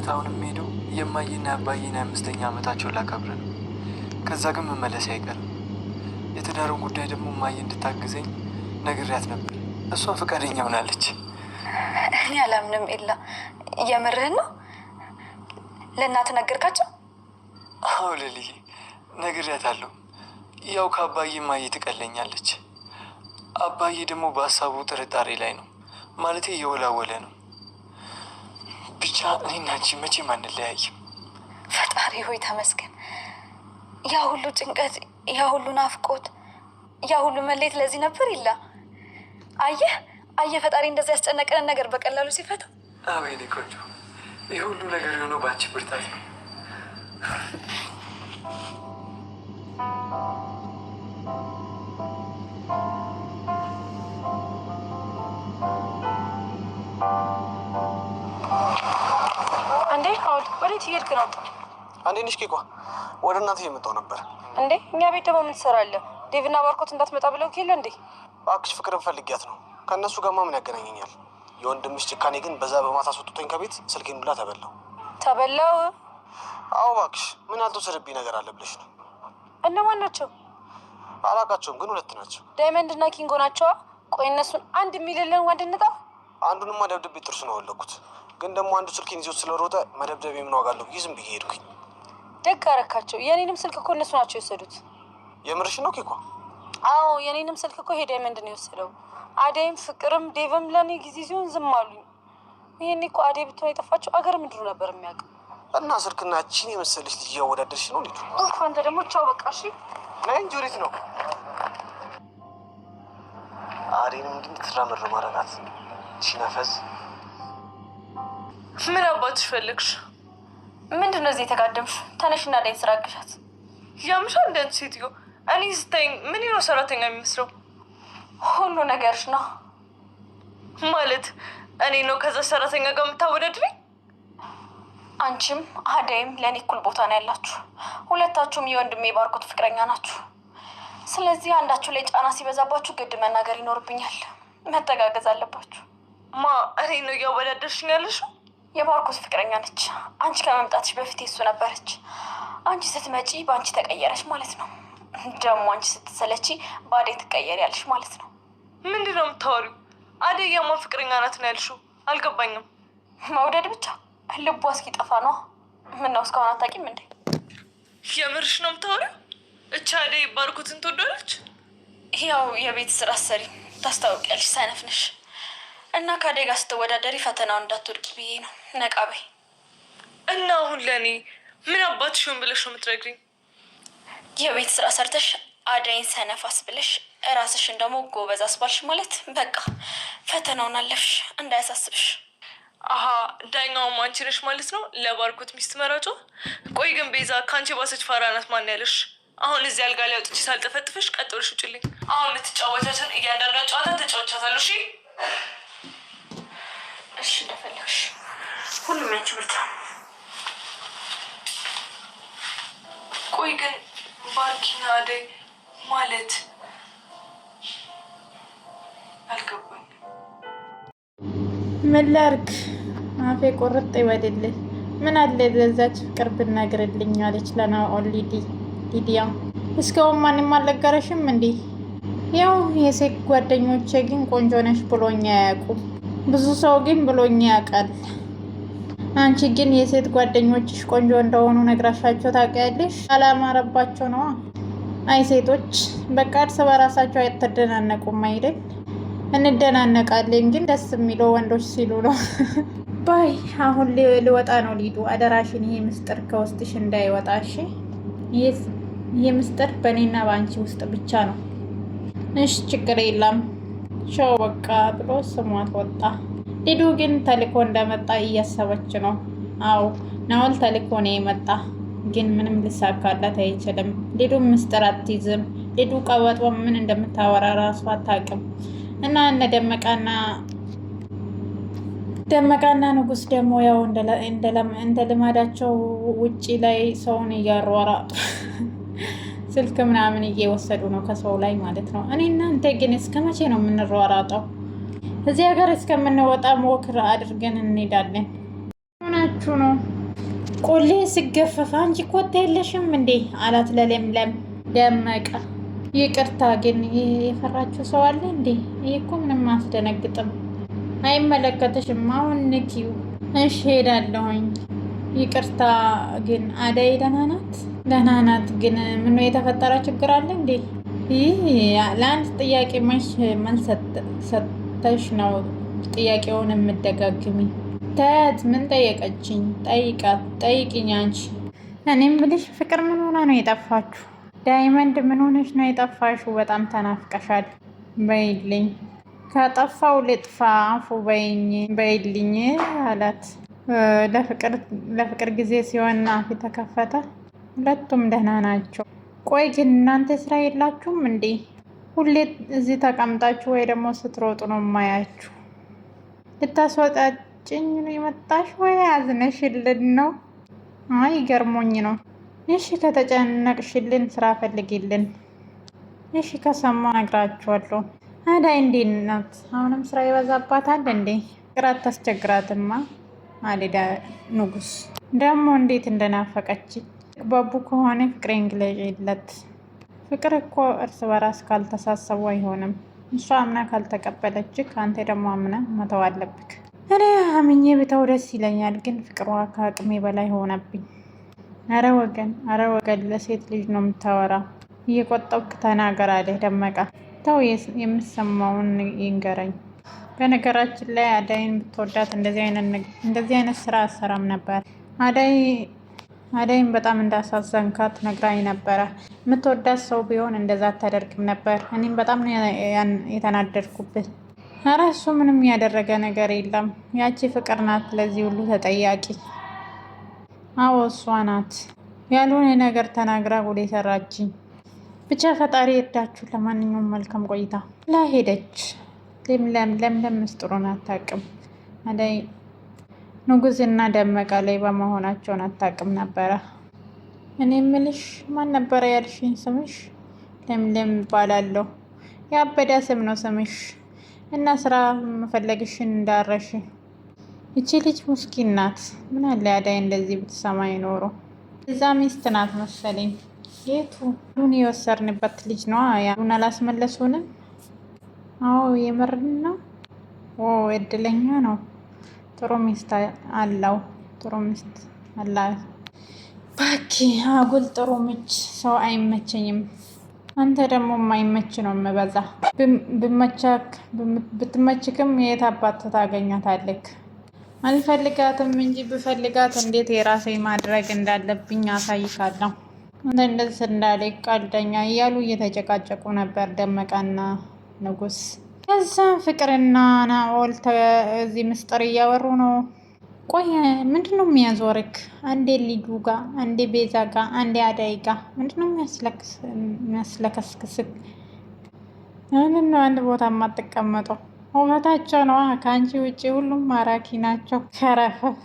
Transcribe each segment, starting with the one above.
እውነት አሁን የምሄደው የማየና አባዬን አምስተኛ ዓመታቸውን ላከብር ነው። ከዛ ግን መመለስ አይቀርም። የትዳሩን ጉዳይ ደግሞ ማየ እንድታግዘኝ ነግሬያት ነበር። እሷን ፈቃደኛ ሆናለች። እኔ አላምንም። ኤላ የምርህን ነው? ለእናት ነገርካቸው? አዎ ያት ነግሬያታለሁ። ያው ከአባዬ ማየ ትቀለኛለች። አባዬ ደግሞ በሀሳቡ ጥርጣሬ ላይ ነው፣ ማለቴ የወላወለ ነው። ብቻ እኔና አንቺ መቼም አንለያይም። ፈጣሪ ሆይ ተመስገን። ያ ሁሉ ጭንቀት፣ ያ ሁሉ ናፍቆት፣ ያ ሁሉ መለየት ለዚህ ነበር ይላ። አየህ አየህ፣ ፈጣሪ እንደዚህ ያስጨነቀንን ነገር በቀላሉ ሲፈታ። አሜን ቆንጆ። ይህ ሁሉ ነገር የሆነው በአንቺ ብርታት ነው። የት እየሄድክ ነው? አንዴ ንሽ ኬኳ፣ ወደ እናትህ እየመጣሁ ነበር። እንዴ እኛ ቤት ደግሞ ምን ትሰራለህ? ዴቭና ባርኮት እንዳትመጣ ብለው ኬለ እንዴ? እባክሽ ፍቅርን ፈልጊያት ነው። ከእነሱ ጋማ ምን ያገናኘኛል? የወንድምሽ ጭካኔ ግን በዛ በማታ አስወጥቶኝ ከቤት ስልኬን ብላ ተበላው። ተበላው? አዎ እባክሽ። ምን ያልቶ ስርብኝ ነገር አለ ብለሽ ነው? እነማን ናቸው? አላቃቸውም፣ ግን ሁለት ናቸው። ዳይመንድ እና ኪንጎ ናቸዋ። ቆይ እነሱን አንድ የሚልልን ወንድ ንጣ። አንዱንማ ደብድቤ ጥርሱ ነው ያወለኩት። ግን ደግሞ አንዱ ስልኬን ይዞት ስለሮጠ መደብደብ የምን ዋጋ አለው ብዬ ዝም ብዬ ሄድኩኝ። ደግ አረካቸው። የኔንም ስልክ እኮ እነሱ ናቸው የወሰዱት። የምርሽ ነው ኬኳ? አዎ የኔንም ስልክ እኮ ሄደ ምንድን ነው የወሰደው። አደይም ፍቅርም ዴቭም ለእኔ ጊዜ ሲሆን ዝም አሉኝ። ይህን እኮ አደይ ብትሆን የጠፋቸው አገር ምድሩ ነበር የሚያውቅ እና ስልክና ቺን የመሰለች ልጅ እያወዳደርሽ ነው ልጁ። አንተ ደግሞ ቻው በቃ እሺ። ናይ እንጂ ወዴት ነው? አደይንም እንድትራመድ ማረጋት ቺ ምን አባትሽ ፈለግሽ? ምንድን ነው እዚህ የተጋደምሽ? ተነሽና ላይ ስራ ግሻት። ያምሻ እንዳንቺ ሴትዮ እኔ ስታይኝ ምን ነው ሰራተኛ የሚመስለው? ሁሉ ነገርሽ ነው ማለት እኔ ነው ከዛ ሰራተኛ ጋር የምታወዳድሪኝ? አንቺም አደይም ለእኔ እኩል ቦታ ነው ያላችሁ። ሁለታችሁም የወንድሜ ባርኮት ፍቅረኛ ናችሁ። ስለዚህ አንዳችሁ ላይ ጫና ሲበዛባችሁ ግድ መናገር ይኖርብኛል። መተጋገዝ አለባችሁ። ማ እኔ ነው እያወዳደርሽኝ ያለሽው? የማርኮስ ፍቅረኛ ነች። አንቺ ከመምጣትሽ በፊት የሱ ነበረች። አንቺ ስትመጪ በአንቺ ተቀየረች ማለት ነው። ደግሞ አንቺ ስትሰለቺ በአዴ ትቀየሪያለሽ ማለት ነው። ምንድን ነው የምታወሪው? አዴ የማ ፍቅረኛ ናት ነው ያልሽው? አልገባኝም። መውደድ ብቻ ልቧ እስኪጠፋ ነዋ። ምነው እስካሁን አታውቂም እንዴ? የምርሽ ነው የምታወሪው? እቺ አዴ ባርኮትን ትወዳለች። ያው የቤት ስራ ሰሪ ታስታውቂያለሽ፣ ሰነፍ ነሽ እና ከአደይ ጋር ስትወዳደሪ ፈተናውን እንዳትወድቂ ብዬ ነው። ነቃ በይ እና አሁን ለእኔ ምን አባትሽውን ብለሽ ነው የምትነግሪኝ? የቤት ስራ ሰርተሽ አደይን ሰነፋስ ብለሽ እራስሽን ደግሞ ጎበዝ አስባልሽ ማለት በቃ ፈተናውን አለፍሽ፣ እንዳያሳስብሽ። አሀ ዳኛው አንቺ ነሽ ማለት ነው፣ ለባርኮት ሚስት መራጮ። ቆይ ግን ቤዛ ከአንቺ ባሰች ፋራ ማን ያለሽ? አሁን እዚህ አልጋ ላይ አውጥቼ ሳልጠፈጥፈሽ ቀጥሎሽ ውጭልኝ። አሁን የምትጫወቻትን እያንዳንዷ ጨዋታ ተጫወቻታለሽ። እሺ እንደፈለግሽ። ሁሉም ያንቺ ብርታ። ቆይ ግን ባርኪና አደይ ማለት ምን ላድርግ አፌ ቆርጥ ይበልልኝ። ምን አለ ለዛች አለች ለናኦል ሊዲያ። እስካሁን ማንም አልነገረሽም ያው የሴት ጓደኞቼ ግን ቆንጆ ነሽ ብሎኛ አያውቁም። ብዙ ሰው ግን ብሎኝ ያውቃል። አንቺ ግን የሴት ጓደኞችሽ ቆንጆ እንደሆኑ ነግራሻቸው ታውቂያለሽ። አላማረባቸው ነዋ። አይ ሴቶች በቃ እርስ በራሳቸው አይተደናነቁም አይደል? እንደናነቃለን፣ ግን ደስ የሚለው ወንዶች ሲሉ ነው። ባይ አሁን ሊወጣ ነው። ሊዱ አደራሽን፣ ይሄ ምስጢር ከውስጥሽ እንዳይወጣ እሺ። ይህ ምስጢር በእኔና በአንቺ ውስጥ ብቻ ነው። እሽ ችግር የለም። ቸው በቃ ብሎ ስሟት ወጣ። ሊዱ ግን ተልኮ እንደመጣ እያሰበች ነው። አዎ ናውል ተልኮ ነው የመጣ ግን ምንም ልሳካላት አይችልም። ሊዱ ምስጢር አትይዝም። ሊዱ ቀበጦ ምን እንደምታወራ ራሱ አታውቅም። እና እነ ደመቃና ደመቃና ንጉስ ደግሞ ያው እንደ ልማዳቸው ውጪ ላይ ሰውን እያሯሯጡ ስልክ ምናምን እየወሰዱ ነው ከሰው ላይ ማለት ነው። እኔ እናንተ ግን እስከ መቼ ነው የምንሯሯጠው? እዚህ ሀገር እስከምንወጣ ሞክር አድርገን እንሄዳለን። ሆናችሁ ነው ቆሌ ስገፈፍ አንቺ ኮታ የለሽም እንዴ አላት ለለምለም ደመቀ። ይቅርታ ግን የፈራችሁ ሰው አለ እንዴ? ይህ እኮ ምንም አስደነግጥም። አይመለከተሽም። አሁን ንኪው። እሺ ሄዳለሁኝ። ይቅርታ ግን አደይ ደህና ናት? ደህና ናት። ግን ምነው የተፈጠረ ችግር አለ እንዴ? ይህ ለአንድ ጥያቄ መሽ መልስ ሰተሽ ነው ጥያቄውን የምደጋግሚ? ተያት ምን ጠየቀችኝ? ጠይቃት ጠይቅኝ አንቺ። እኔም ብልሽ ፍቅር ምን ሆና ነው የጠፋችሁ? ዳይመንድ ምን ሆነሽ ነው የጠፋሽው? በጣም ተናፍቀሻል በይልኝ ከጠፋው ልጥፋ አፉ በይኝ በይልኝ አላት። ለፍቅር ጊዜ ሲሆን አፍ ተከፈተ። ሁለቱም ደህና ናቸው። ቆይ ግን እናንተ ስራ የላችሁም እንዴ? ሁሌ እዚህ ተቀምጣችሁ ወይ ደግሞ ስትሮጡ ነው ማያችሁ። ልታስወጣጭኝ ነው የመጣሽ ወይ አዝነሽልን ነው? አይ ገርሞኝ ነው። እሺ ከተጨነቅሽልን ስራ ፈልጊልን። እሺ ከሰማ ነግራችኋለሁ። አዳይ እንዴት ናት? አሁንም ስራ ይበዛባታል እንዴ? ቅራት ታስቸግራትማ አሌዳ ንጉስ ደግሞ እንዴት እንደናፈቀች ባቡ ከሆነ ፍቅሬ እንግለጭለት። ፍቅር እኮ እርስ በራስ ካልተሳሰቡ አይሆንም። እሷ አምና ካልተቀበለች አንተ ደግሞ አምነ መተው አለብክ። እኔ አምኜ ብተው ደስ ይለኛል፣ ግን ፍቅሯ ከአቅሜ በላይ ሆነብኝ። አረ ወገን፣ አረ ወገን፣ ለሴት ልጅ ነው የምታወራ። እየቆጠብክ ተናገር አለ ደመቀ። ተው የምሰማውን ይንገረኝ። በነገራችን ላይ አዳይን ብትወዳት እንደዚህ አይነት ስራ አሰራም ነበር አዳይ አደይም በጣም እንዳሳዘንካት ነግራኝ ነበረ። የምትወዳት ሰው ቢሆን እንደዛ አታደርግም ነበር። እኔም በጣም የተናደድኩብን። ኧረ እሱ ምንም ያደረገ ነገር የለም። ያቺ ፍቅር ናት ለዚህ ሁሉ ተጠያቂ። አዎ እሷ ናት። ያልሆነ ነገር ተናግራ ጉዴ የሰራችኝ። ብቻ ፈጣሪ እርዳችሁ። ለማንኛውም መልካም ቆይታ። ላ ሄደች ለምለም ምስጥሩን አታውቅም አደይ ንጉሥና ደመቀ ላይ በመሆናቸውን አታውቅም ነበረ። እኔ ምልሽ ማን ነበረ ያልሽኝ? ስምሽ ለምለም ይባላለሁ። የአበዳ ስም ነው ስምሽ እና ስራ መፈለግሽን እንዳረሽ። ይቺ ልጅ ሙስኪን ናት። ምን አለ አዳይ እንደዚህ ብትሰማ ይኖሩ። እዛ ሚስት ናት መሰለኝ። የቱ ሉን የወሰርንበት ልጅ ነዋ። ያሉን አላስመለሱንም። አዎ የምርን ነው። ኦ እድለኛ ነው ጥሩ ሚስት አለው። ጥሩ ሚስት አላ ባኪ አጉል ጥሩ ምች ሰው አይመቸኝም። አንተ ደግሞ የማይመች ነው የምበዛ። ብትመችክም የት አባት ታገኛታለክ? አልፈልጋትም እንጂ ብፈልጋት እንዴት የራሴ ማድረግ እንዳለብኝ አሳይካለሁ። እንደዚህ እንዳለ ቀልደኛ እያሉ እየተጨቃጨቁ ነበር ደመቀና ንጉስ። ከዛ ፍቅርና ናኦል እዚህ ምስጢር እያወሩ ነው። ቆይ ምንድን ነው የሚያዞርክ? አንዴ ልዩ ጋ፣ አንዴ ቤዛ ጋ፣ አንዴ አዳይ ጋ ምንድን ነው የሚያስለከስክስክ? ምንድን ነው አንድ ቦታ የማትቀመጠው? ውበታቸው ነው። ከአንቺ ውጭ ሁሉም ማራኪ ናቸው። ከረፈፍ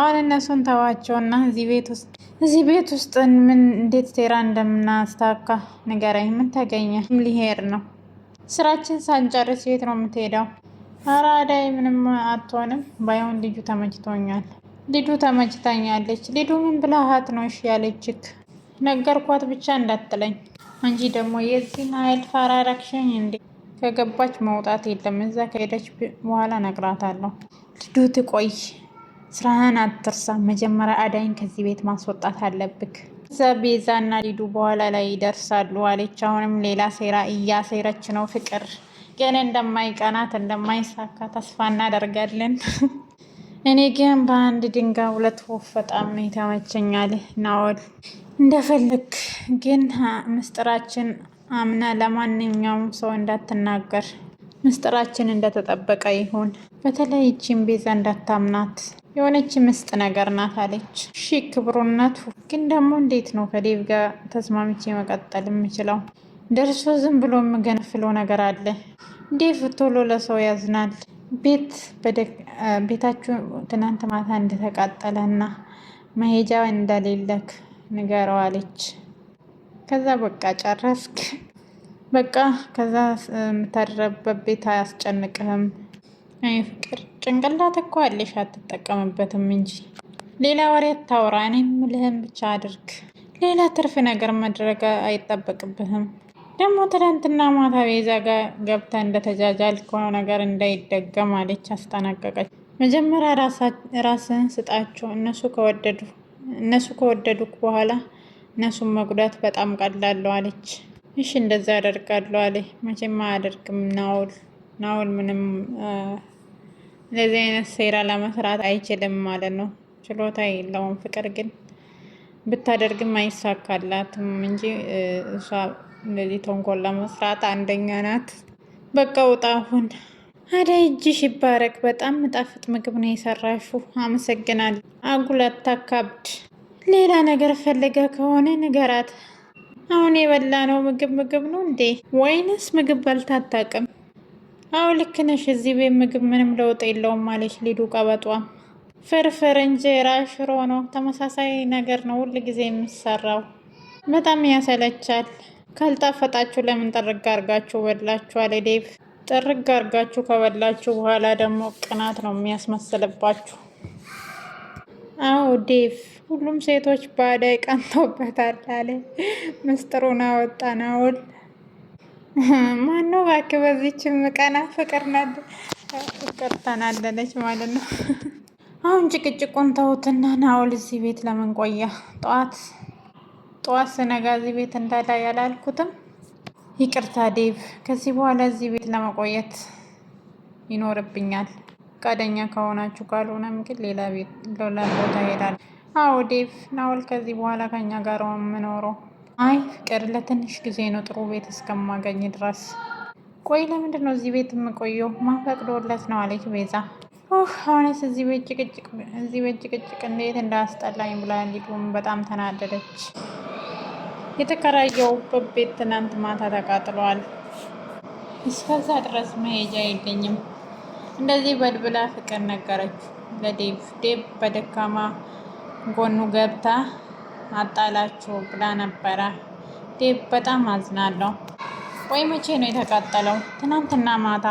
አሁን እነሱን ተዋቸው ተዋቸውና እዚህ ቤት ውስጥ እዚህ ቤት ውስጥ ምን እንዴት ሴራ እንደምናስታካ ንገረኝ። ምን ተገኘ? ሊሄድ ነው ስራችን ሳንጨርስ የት ነው የምትሄደው? አረ አዳይ ምንም አትሆንም። ባይሆን ልጁ ተመችቶኛል። ልጁ ተመችታኛለች። ልጁ ምን ብልሃት ነው እሺ ያለችክ? ነገርኳት ብቻ እንዳትለኝ እንጂ ደግሞ የዚህን ኃይል ፈራረክሽኝ እንዴ? ከገባች መውጣት የለም። እዛ ከሄደች በኋላ አለው። ልጁ ትቆይ። ስራህን አትርሳ። መጀመሪያ አዳይን ከዚህ ቤት ማስወጣት አለብክ። ቤዛ እና ሊዱ በኋላ ላይ ይደርሳሉ አለች። አሁንም ሌላ ሴራ እያሴረች ነው ፍቅር ግን እንደማይቀናት እንደማይሳካ ተስፋ እናደርጋለን። እኔ ግን በአንድ ድንጋይ ሁለት ወፍ በጣም ይተመቸኛል። ናወል እንደፈልግ ግን ምስጢራችን አምና ለማንኛውም ሰው እንዳትናገር ምስጢራችን እንደተጠበቀ ይሁን። በተለይ ይችን ቤዛ እንዳታምናት የሆነች ምስጥ ነገር ናት አለች። እሺ ክብሩነቱ ግን ደግሞ እንዴት ነው ከዴቭ ጋር ተስማምቼ መቀጠል የምችለው? ደርሶ ዝም ብሎ የምገነፍለው ነገር አለ። ዴቭ ቶሎ ለሰው ያዝናል። ቤት ቤታችሁ ትናንት ማታ እንደተቃጠለ መሄጃ እንደሌለክ ንገረው አለች። ከዛ በቃ ጨረስክ? በቃ ከዛ የምታድረበት ቤት አያስጨንቅህም? አይ ፍቅር ጭንቅላት እኮ አለሽ አትጠቀምበትም እንጂ ሌላ ወሬ አታውራ። እኔ የምልህን ብቻ አድርግ። ሌላ ትርፍ ነገር መድረግ አይጠበቅብህም። ደግሞ ትላንትና ማታ ቤዛ ጋር ገብተ እንደተጃጃልከው ነገር እንዳይደገም አለች፣ አስጠናቀቀች። መጀመሪያ ራስህን ስጣቸው። እነሱ ከወደዱክ በኋላ እነሱን መጉዳት በጣም ቀላለሁ አለች። እሺ እንደዛ አደርጋለሁ አለ። መቼም አያደርግም ናውል ናውል ምንም እንደዚህ አይነት ሴራ ለመስራት አይችልም ማለት ነው። ችሎታ የለውም። ፍቅር ግን ብታደርግም አይሳካላትም እንጂ እሷ እንደዚህ ተንኮል ለመስራት አንደኛ ናት። በቃ ውጣሁን አደ እጅሽ ይባረክ። በጣም ምጣፍጥ ምግብ ነው የሰራሹ። አመሰግናለሁ። አጉላት ካብድ ሌላ ነገር ፈልገ ከሆነ ንገራት። አሁን የበላ ነው ምግብ ምግብ ነው እንዴ? ወይንስ ምግብ በልታ አታውቅም? አዎ ልክ ነሽ። እዚህ ቤት ምግብ ምንም ለውጥ የለውም አለች ሊዱ ቀበጧ። ፍርፍር፣ እንጀራ፣ ሽሮ ነው። ተመሳሳይ ነገር ነው ሁል ጊዜ የሚሰራው በጣም ያሰለቻል። ካልጣፈጣችሁ ለምን ጥርግ አርጋችሁ በላችሁ? አለ ዴቭ። ጥርግ አርጋችሁ ከበላችሁ በኋላ ደግሞ ቅናት ነው የሚያስመስልባችሁ። አዎ ዴቭ፣ ሁሉም ሴቶች ባዳይ ቀንቶበታል አለ። ምስጢሩን አወጣ ናውል ማነው እባክህ በዚችም ቀና ፍቅር ነድ ፍቅር ተናደለች ማለት ነው። አሁን ጭቅጭቁን ተውትና ናውል እዚህ ቤት ለምን ቆየ? ጠዋት ጠዋት ስነጋ እዚህ ቤት እንዳላ ያላልኩትም ይቅርታ ዴቭ፣ ከዚህ በኋላ እዚህ ቤት ለመቆየት ይኖርብኛል። ፈቃደኛ ከሆናችሁ ካልሆነም ግን ሌላ ቤት ቦታ ሄዳል። አዎ ዴቭ፣ ናውል ከዚህ በኋላ ከኛ ጋር ምኖረው አይ ፍቅር ለትንሽ ጊዜ ነው ጥሩ ቤት እስከማገኝ ድረስ። ቆይ ለምንድን ነው እዚህ ቤት የምቆየው? ማፈቅዶለት ነው አለች ቤዛ። አሁንስ እዚህ ቤት ጭቅጭቅ እንዴት እንዳስጠላኝ ብላ እንዲሁም በጣም ተናደደች። የተከራየሁበት ቤት ትናንት ማታ ተቃጥሏል። እስከዛ ድረስ መሄጃ የለኝም። እንደዚህ በድብላ ፍቅር ነገረች ለዴቭ። ዴቭ በደካማ ጎኑ ገብታ አጣላችሁ ብላ ነበረ። ዴብ በጣም አዝናለሁ። ወይ መቼ ነው የተቃጠለው? ትናንትና ማታ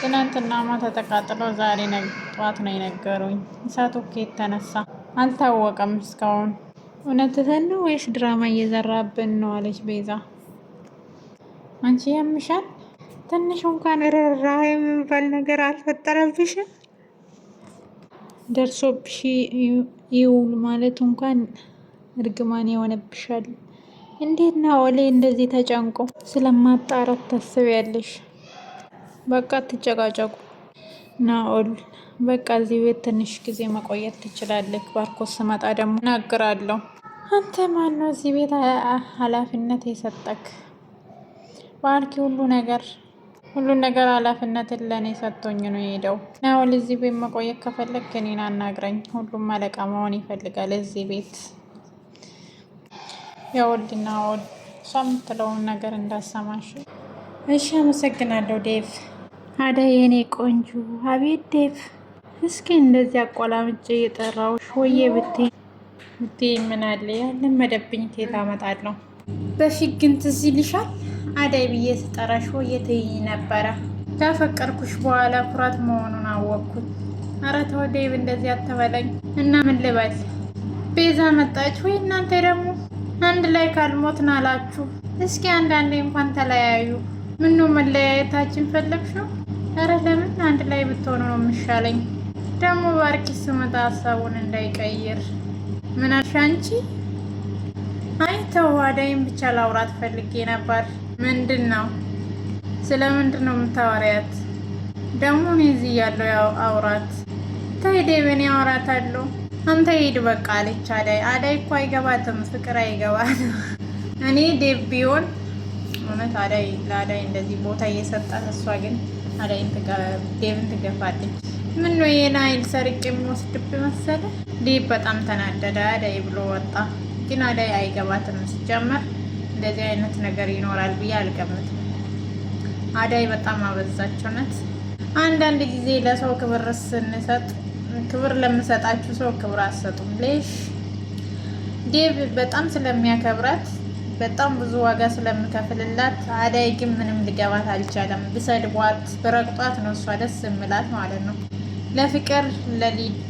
ትናንትና ማታ ተቃጥለው ዛሬ ጠዋት ነው የነገሩኝ። እሳቱ ከየት ተነሳ አልታወቀም እስካሁን። እውነትህን ነው ወይስ ድራማ እየዘራብን ነው? አለች ቤዛ። አንቺ ያምሻል ትንሽ እንኳን ርራ የሚባል ነገር አልፈጠረብሽም? ደርሶብሽ ይውል ማለት እንኳን እርግማን የሆነብሻል። እንዴት ኦሌ እንደዚህ ተጨንቆ ስለማጣራት ታስቢያለሽ? በቃ ትጨቃጨቁ። ናኦል በቃ እዚህ ቤት ትንሽ ጊዜ መቆየት ትችላለህ። ባርኮት ስመጣ ደግሞ እናግራለሁ። አንተ ማነው እዚህ ቤት ኃላፊነት የሰጠክ? ባርኪ ሁሉ ነገር ሁሉን ነገር ኃላፊነትን ለእኔ ሰጥቶኝ ነው የሄደው። ናኦል እዚህ ቤት መቆየት ከፈለግ እኔን አናግረኝ። ሁሉም አለቃ መሆን ይፈልጋል እዚህ ቤት የወድና ወድ እሷ የምትለውን ነገር እንዳሰማሽ። እሺ አመሰግናለሁ ዴቭ። አደ የኔ ቆንጆ። አቤት ዴቭ፣ እስኪ እንደዚህ አቆላምጬ የጠራው ሾዬ ብቴ ብቴ ምን አለ ያለን መደብኝ ቴት አመጣለሁ። በፊት ግን ትዝ ይልሻል አደይ ብዬ ስጠራ ሾዬ ትይኝ ነበረ። ካፈቀርኩሽ በኋላ ኩራት መሆኑን አወቅኩት። ኧረ ተው ዴቭ እንደዚህ አትበለኝ። እና ምን ልበል? ቤዛ መጣች ወይ እናንተ ደግሞ አንድ ላይ ካልሞትን አላችሁ። እስኪ አንዳንዴ እንኳን ተለያዩ። ምኑ መለያየታችን ፈለግሽ ነው? ኧረ ለምን አንድ ላይ ብትሆኑ ነው የምሻለኝ። ደግሞ ባርኪ ስመጣ ሀሳቡን እንዳይቀይር ምን አልሽ አንቺ? አይ ተው፣ ብቻ ላውራት ፈልጌ ነበር። ምንድን ነው? ስለ ምንድን ነው የምታወሪያት? ደግሞ እኔ እዚህ ያለው አውራት። ተይ ዴቭ፣ እኔ አውራት አለው አንተ ሂድ በቃ አለች አዳይ። አዳይ እኮ አይገባትም ፍቅር አይገባትም። እኔ ዴቭ ቢሆን እውነት አዳይ እንደዚህ ቦታ እየሰጣት እሷ ግን አዳይ ዴቭን ትገፋለች። ምን ነው ይሄን አይል ሰርቅ የሚወስድብ መሰለ። ዴቭ በጣም ተናደደ። አዳይ ብሎ ወጣ። ግን አዳይ አይገባትም ሲጀመር እንደዚህ አይነት ነገር ይኖራል ብዬ አልገምትም። አዳይ በጣም አበዛቸውነት አንዳንድ ጊዜ ለሰው ክብር ስንሰጥ ክብር ለምሰጣችሁ ሰው ክብር አትሰጡም። ሌሽ ዴቭ በጣም ስለሚያከብራት በጣም ብዙ ዋጋ ስለምከፍልላት፣ አዳይ ግን ምንም ልገባት አልቻለም። ብሰድቧት ብረግጧት ነው እሷ ደስ የምላት ማለት ነው ለፍቅር ለሊድ